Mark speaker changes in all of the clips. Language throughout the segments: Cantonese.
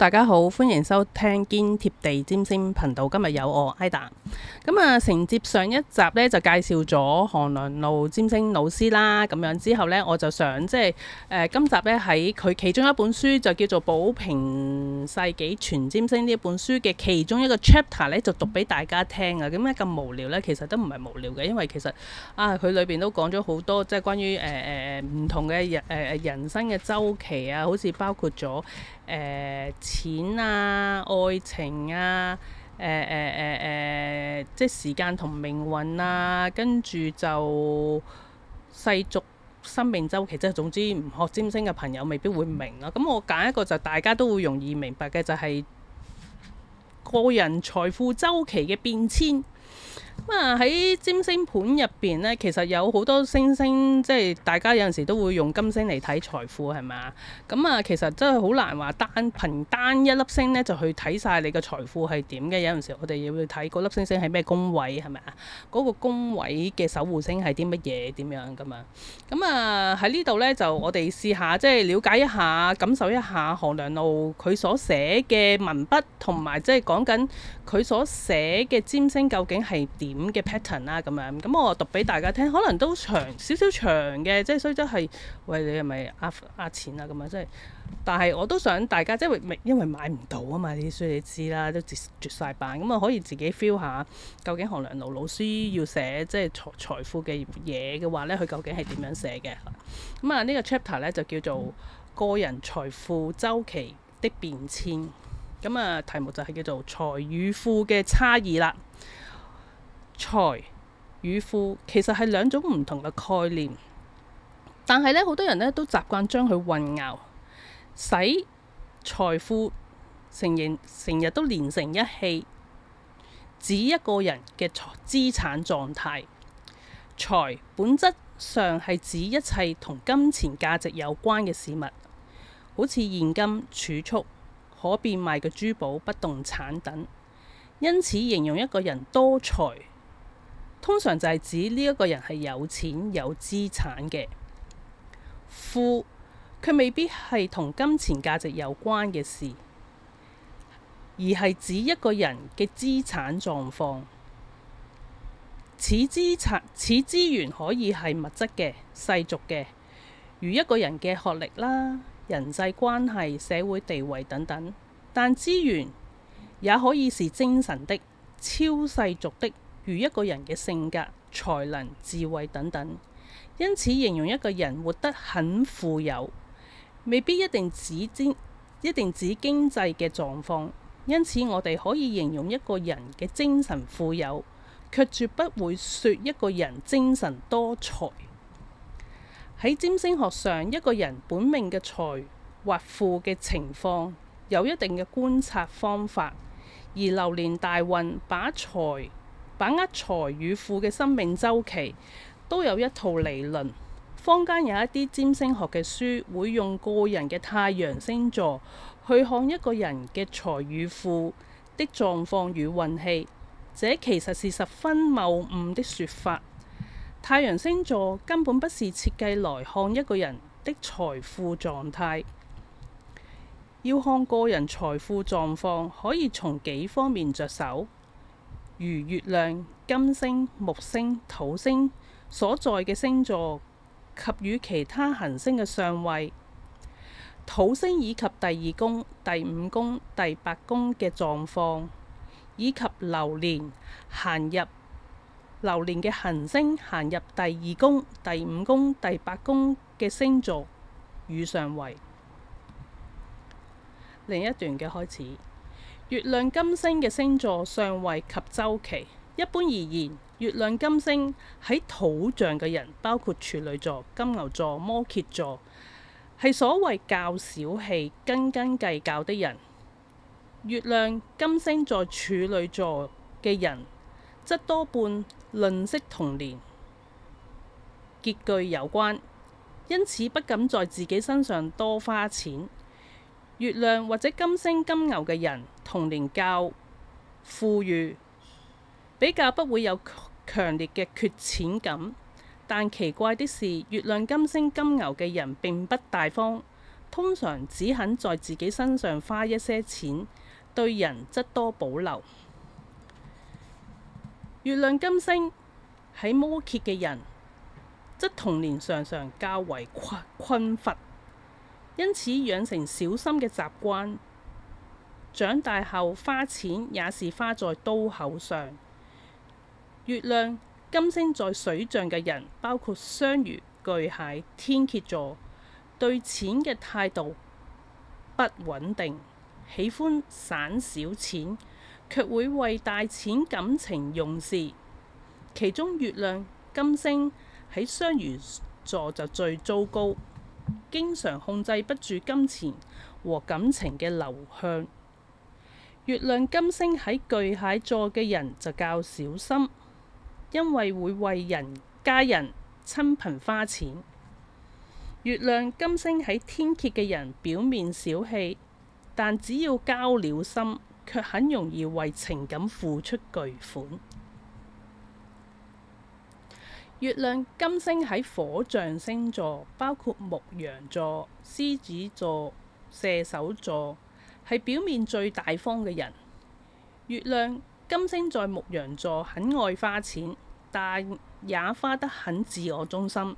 Speaker 1: 大家好，歡迎收聽堅貼地占星頻道。今日有我 Ida 咁啊承接上一集咧，就介紹咗韓良露占星老師啦。咁樣之後咧，我就想即係誒、呃、今集咧喺佢其中一本書就叫做《寶瓶世紀全占星》呢一本書嘅其中一個 chapter 咧，就讀俾大家聽啊。點解咁無聊咧？其實都唔係無聊嘅，因為其實啊，佢裏邊都講咗好多，即係關於誒誒誒唔同嘅人誒誒、呃、人生嘅週期啊，好似包括咗。誒、欸、錢啊，愛情啊，誒誒誒誒，即係時間同命運啊，跟住就世俗生命週期。即係總之，唔學占星嘅朋友未必會明咯、啊。咁我揀一個就大家都會容易明白嘅，就係、是、個人財富週期嘅變遷。咁啊喺占星盤入邊呢，其實有好多星星，即係大家有陣時都會用金星嚟睇財富，係咪？咁、嗯、啊，其實真係好難話單憑單一粒星呢，就去睇晒你嘅財富係點嘅。有陣時我哋要去睇嗰粒星星係咩宮位，係咪、那個嗯、啊？嗰個宮位嘅守護星係啲乜嘢點樣㗎嘛。咁啊喺呢度呢，就我哋試下即係了解一下，感受一下韓良露佢所寫嘅文筆，同埋即係講緊佢所寫嘅占星究竟係點。咁嘅 pattern 啦，咁樣咁我讀俾大家聽，可能都長少少長嘅。即係所以真係喂你係咪呃呃錢啊咁啊，即係，但係我都想大家即係因為買唔到啊嘛，呢啲書你知啦，都絕絕曬版。咁啊可以自己 feel 下究竟韓良露老師要寫即係財財富嘅嘢嘅話呢，佢究竟係點樣寫嘅？咁啊呢個 chapter 呢，就叫做個人財富週期的變遷，咁啊題目就係叫做財與富嘅差異啦。財與富其實係兩種唔同嘅概念，但係呢，好多人呢都習慣將佢混淆，使財富成形成日都連成一氣，指一個人嘅資產狀態。財本質上係指一切同金錢價值有關嘅事物，好似現金、儲蓄、可變賣嘅珠寶、不動產等。因此，形容一個人多財。通常就係指呢一個人係有錢有資產嘅。富，佢未必係同金錢價值有關嘅事，而係指一個人嘅資產狀況。此資產，此資源可以係物質嘅、世俗嘅，如一個人嘅學歷啦、人際關係、社會地位等等。但資源也可以是精神的、超世俗的。如一個人嘅性格、才能、智慧等等，因此形容一個人活得很富有，未必一定指經一定指經濟嘅狀況。因此，我哋可以形容一個人嘅精神富有，卻絕不會說一個人精神多才。喺占星學上，一個人本命嘅財或富嘅情況有一定嘅觀察方法，而流年大運把財。把握財與富嘅生命周期都有一套理論。坊間有一啲占星學嘅書會用個人嘅太陽星座去看一個人嘅財與富的狀況與運氣，這其實是十分謬誤的說法。太陽星座根本不是設計來看一個人的財富狀態，要看個人財富狀況，可以從幾方面着手。如月亮、金星、木星、土星所在嘅星座及與其他行星嘅相位，土星以及第二宮、第五宮、第八宮嘅狀況，以及流年行入流年嘅行星行入第二宮、第五宮、第八宮嘅星座與相位。另一段嘅開始。月亮金星嘅星座、相位及周期，一般而言，月亮金星喺土象嘅人，包括處女座、金牛座、摩羯座，係所謂較小氣斤斤計較的人。月亮金星在處女座嘅人，則多半吝嗇童年、拮據有關，因此不敢在自己身上多花錢。月亮或者金星金牛嘅人，童年較富裕，比較不會有強烈嘅缺錢感。但奇怪的是，月亮金星金牛嘅人並不大方，通常只肯在自己身上花一些錢，對人則多保留。月亮金星喺摩羯嘅人則童年常常較為困乏。因此養成小心嘅習慣，長大後花錢也是花在刀口上。月亮金星在水象嘅人，包括雙魚、巨蟹、天蠍座，對錢嘅態度不穩定，喜歡省小錢，卻會為大錢感情用事。其中月亮金星喺雙魚座就最糟糕。經常控制不住金錢和感情嘅流向。月亮金星喺巨蟹座嘅人就較小心，因為會為人家人親朋花錢。月亮金星喺天蠍嘅人表面小氣，但只要交了心，卻很容易為情感付出巨款。月亮金星喺火象星座，包括牧羊座、獅子座、射手座，係表面最大方嘅人。月亮金星在牧羊座，很愛花錢，但也花得很自我中心，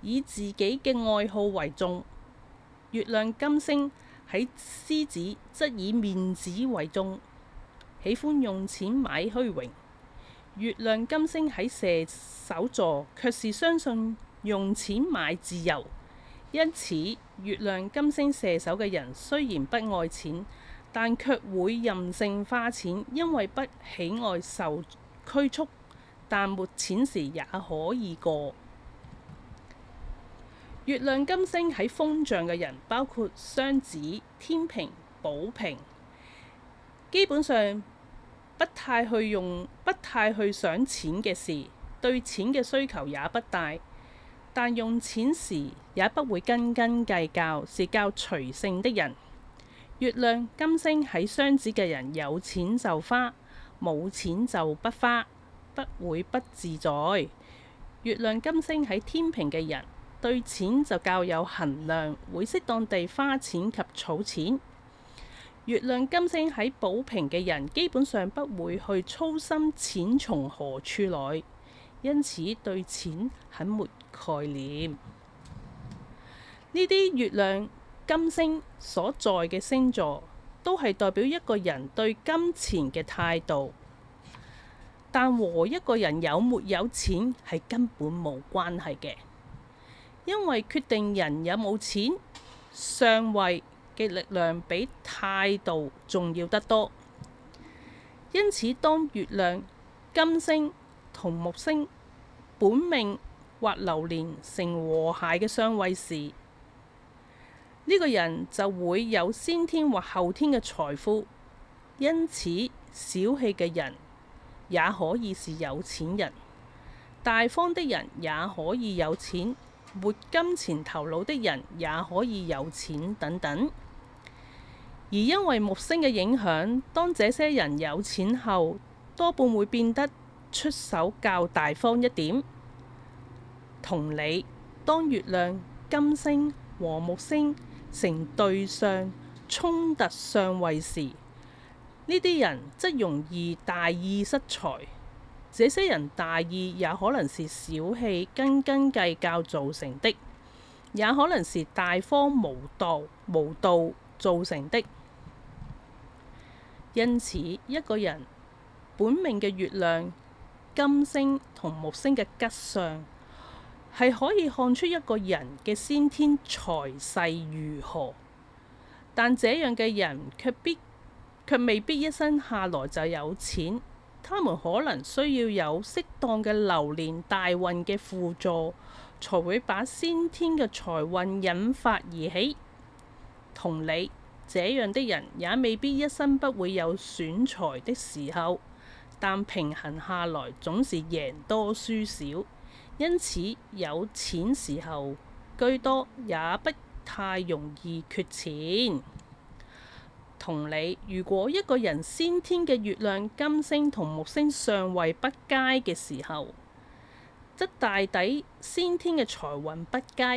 Speaker 1: 以自己嘅愛好為重。月亮金星喺獅子則以面子為重，喜歡用錢買虛榮。月亮金星喺射手座，卻是相信用錢買自由，因此月亮金星射手嘅人雖然不愛錢，但卻會任性花錢，因為不喜愛受拘束，但沒錢時也可以過。月亮金星喺風象嘅人，包括雙子、天秤、寶瓶，基本上。不太去用，不太去想錢嘅事，對錢嘅需求也不大，但用錢時也不會斤斤計較，是較隨性的人。月亮金星喺雙子嘅人有錢就花，冇錢就不花，不會不自在。月亮金星喺天秤嘅人對錢就較有衡量，會適當地花錢及儲錢。月亮金星喺寶瓶嘅人，基本上不會去操心錢從何處來，因此對錢很沒概念。呢啲月亮金星所在嘅星座，都係代表一個人對金錢嘅態度，但和一個人有沒有錢係根本冇關係嘅，因為決定人有冇錢，上位，嘅力量比態度重要得多，因此當月亮、金星同木星本命或流年成和諧嘅相位時，呢、這個人就會有先天或後天嘅財富。因此，小氣嘅人也可以是有錢人，大方的人也可以有錢。沒金錢頭腦的人也可以有錢等等，而因為木星嘅影響，當這些人有錢後，多半會變得出手較大方一點。同理，當月亮、金星和木星成對象衝突上位時，呢啲人則容易大意失財。這些人大意也可能是小氣斤斤計較造成的，也可能是大方無度無道造成的。因此，一個人本命嘅月亮、金星同木星嘅吉相係可以看出一個人嘅先天財勢如何，但這樣嘅人卻必卻未必一生下來就有錢。他們可能需要有適當嘅流年大運嘅輔助，才會把先天嘅財運引發而起。同理，這樣的人也未必一生不會有損財的時候，但平衡下來總是贏多輸少，因此有錢時候居多，也不太容易缺錢。同理，如果一個人先天嘅月亮、金星同木星相位不佳嘅時候，則大抵先天嘅財運不佳。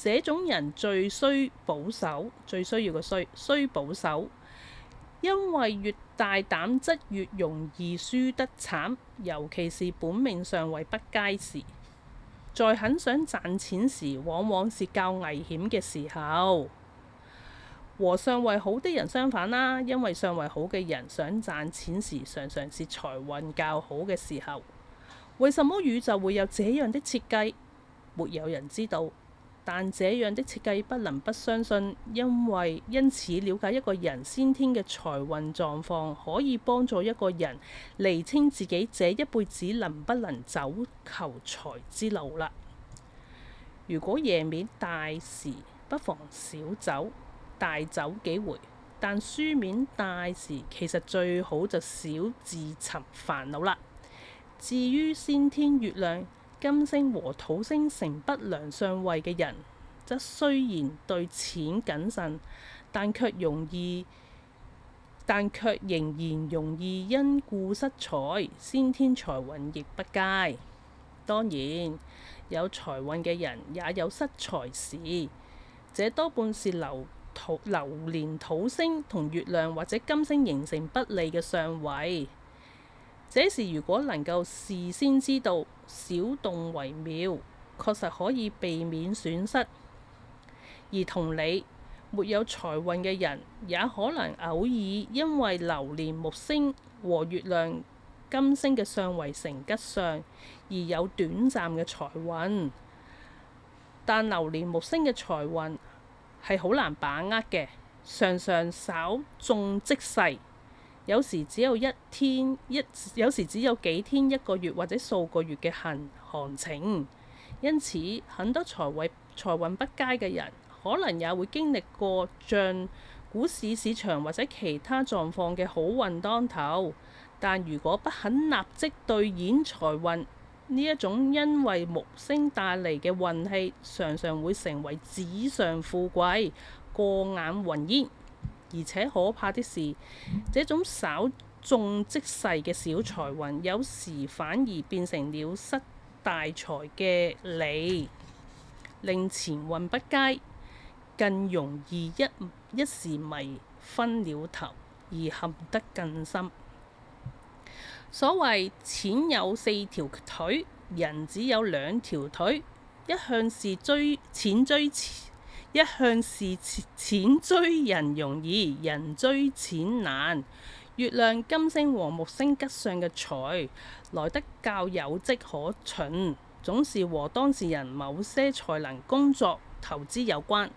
Speaker 1: 這種人最需保守，最需要嘅需需保守，因為越大膽則越容易輸得慘，尤其是本命相位不佳時，在很想賺錢時，往往是較危險嘅時候。和上位好的人相反啦，因為上位好嘅人想賺錢時，常常是財運較好嘅時候。為什麼宇宙會有這樣的設計？沒有人知道，但這樣的設計不能不相信，因為因此了解一個人先天嘅財運狀況，可以幫助一個人釐清自己這一輩子能不能走求財之路啦。如果夜面大時，不妨少走，大走幾回，但書面大時其實最好就少自尋煩惱啦。至於先天月亮金星和土星成不良相位嘅人，則雖然對錢謹慎，但卻容易但卻仍然容易因故失財，先天財運亦不佳。當然有財運嘅人也有失財時，這多半是流流年土星同月亮或者金星形成不利嘅相位，這時如果能夠事先知道，少動為妙，確實可以避免損失。而同理，沒有財運嘅人，也可能偶爾因為流年木星和月亮金星嘅相位成吉相而有短暫嘅財運，但流年木星嘅財運。係好難把握嘅，常常稍縱即逝，有時只有一天一，有時只有幾天一個月或者數個月嘅行行情。因此，很多財位財運不佳嘅人，可能也會經歷過像股市市場或者其他狀況嘅好運當頭，但如果不肯立即兌現財運。呢一種因為木星帶嚟嘅運氣，常常會成為紙上富貴、過眼雲煙，而且可怕的是，這種稍縱即逝嘅小財運有時反而變成了失大財嘅理，令前運不佳，更容易一一時迷昏了頭而陷得更深。所謂錢有四條腿，人只有兩條腿。一向是追錢追錢，一向是錢追人容易，人追錢難。月亮金星和木星吉相嘅財來得較有跡可循，總是和當事人某些才能、工作、投資有關。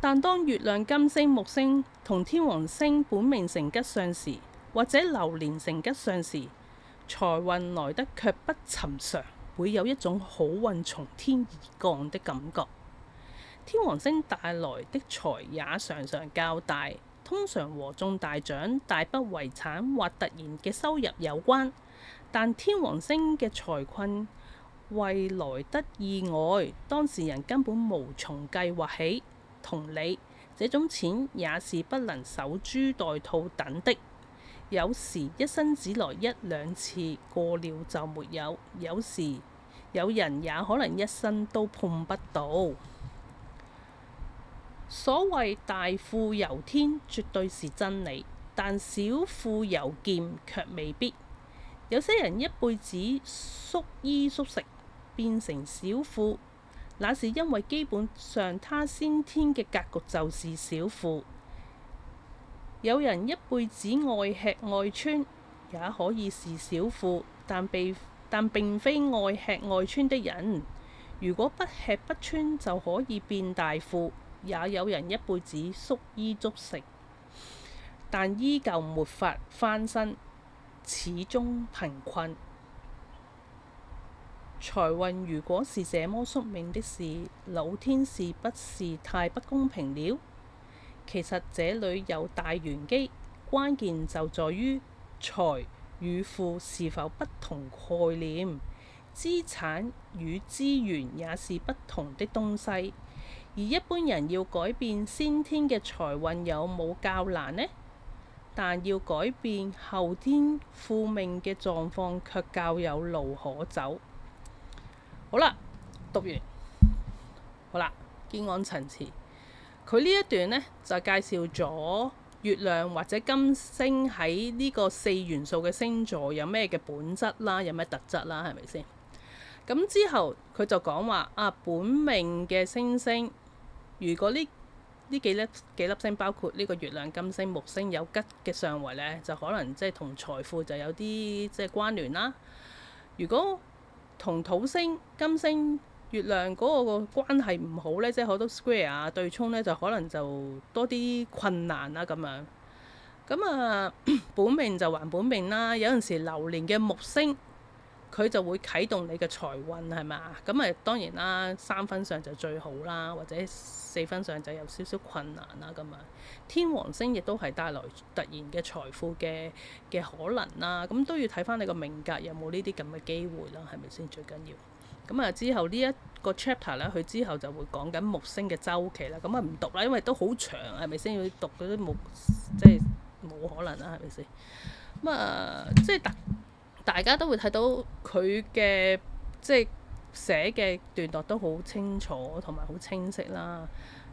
Speaker 1: 但當月亮金星木星同天王星本命成吉相時，或者流年成吉相時，財運來得卻不尋常，會有一種好運從天而降的感覺。天王星帶來的財也常常較大，通常和中大獎、大筆遺產或突然嘅收入有關。但天王星嘅財困，為來得意外，當事人根本無從計劃起。同理，這種錢也是不能守株待兔等的。有時一生只來一兩次，過了就沒有；有時有人也可能一生都碰不到。所謂大富由天，絕對是真理，但小富由儉卻未必。有些人一輩子縮衣縮食變成小富，那是因為基本上他先天嘅格局就是小富。有人一輩子愛吃愛穿，也可以是小富，但並非愛吃愛穿的人，如果不吃不穿就可以變大富。也有人一輩子縮衣縮食，但依舊沒法翻身，始終貧困。財運如果是這麼宿命的事，老天是不是太不公平了？其實這裡有大玄機，關鍵就在於財與富是否不同概念，資產與資源也是不同的東西。而一般人要改變先天嘅財運有冇較難呢？但要改變後天富命嘅狀況卻較有路可走。好啦，讀完，好啦，見安陳詞。佢呢一段呢，就介紹咗月亮或者金星喺呢個四元素嘅星座有咩嘅本質啦，有咩特質啦，係咪先？咁之後佢就講話啊，本命嘅星星，如果呢呢幾粒幾粒星包括呢個月亮、金星、木星有吉嘅上位呢，就可能即係同財富就有啲即係關聯啦。如果同土星、金星、月亮嗰個個關係唔好呢，即係好多 square 啊，對沖呢，就可能就多啲困難啦咁樣。咁啊，本命就還本命啦。有陣時流年嘅木星，佢就會啟動你嘅財運係咪啊？咁啊當然啦，三分上就最好啦，或者四分上就有少少困難啦咁樣。天王星亦都係帶來突然嘅財富嘅嘅可能啦。咁都要睇翻你個命格有冇呢啲咁嘅機會啦，係咪先最緊要？咁、嗯、啊！之後呢一個 chapter 咧，佢之後就會講緊木星嘅週期啦。咁啊，唔讀啦，因為都好長，係咪先要讀嗰啲木即係冇可能啦，係咪先咁啊？即係大大家都會睇到佢嘅即係寫嘅段落都好清楚同埋好清晰啦，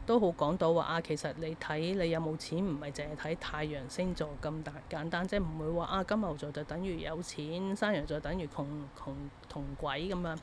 Speaker 1: 都好講到話啊。其實你睇你有冇錢，唔係淨係睇太陽星座咁大簡單，即係唔會話啊金牛座就等於有錢，山羊座等於窮窮窮鬼咁啊。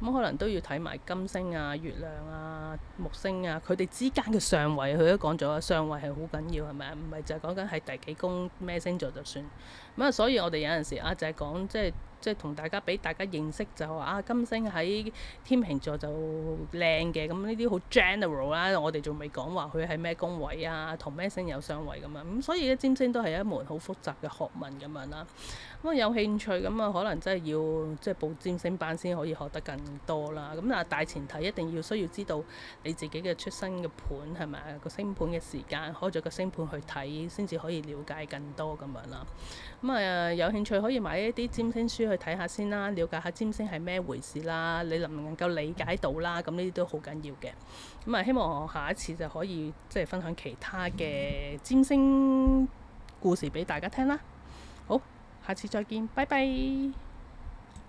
Speaker 1: 咁、嗯、可能都要睇埋金星啊、月亮啊、木星啊，佢哋之間嘅相位，佢都講咗，相位係好緊要，係咪啊？唔係，就係講緊係第幾宮咩星座就算。咁、嗯、啊，所以我哋有陣時啊，就係講即係。就是即係同大家俾大家認識就話啊金星喺天秤座就靚嘅，咁呢啲好 general 啦。Gen eral, 我哋仲未講話佢係咩宮位啊，同咩星有相位咁樣，咁所以咧，占星都係一門好複雜嘅學問咁樣啦。咁、嗯、啊有興趣咁啊、嗯，可能真係要即係報占星班先可以學得更多啦。咁、嗯、啊大前提一定要需要知道你自己嘅出生嘅盤係咪啊個星盤嘅時間開咗個星盤去睇先至可以了解更多咁樣啦。咁、嗯、啊、嗯、有興趣可以買一啲占星書去。去睇下先啦，了解下占星係咩回事啦，你能唔能夠理解到啦？咁呢啲都好緊要嘅。咁啊，希望我下一次就可以即係、就是、分享其他嘅占星故事俾大家聽啦。好，下次再見，拜拜。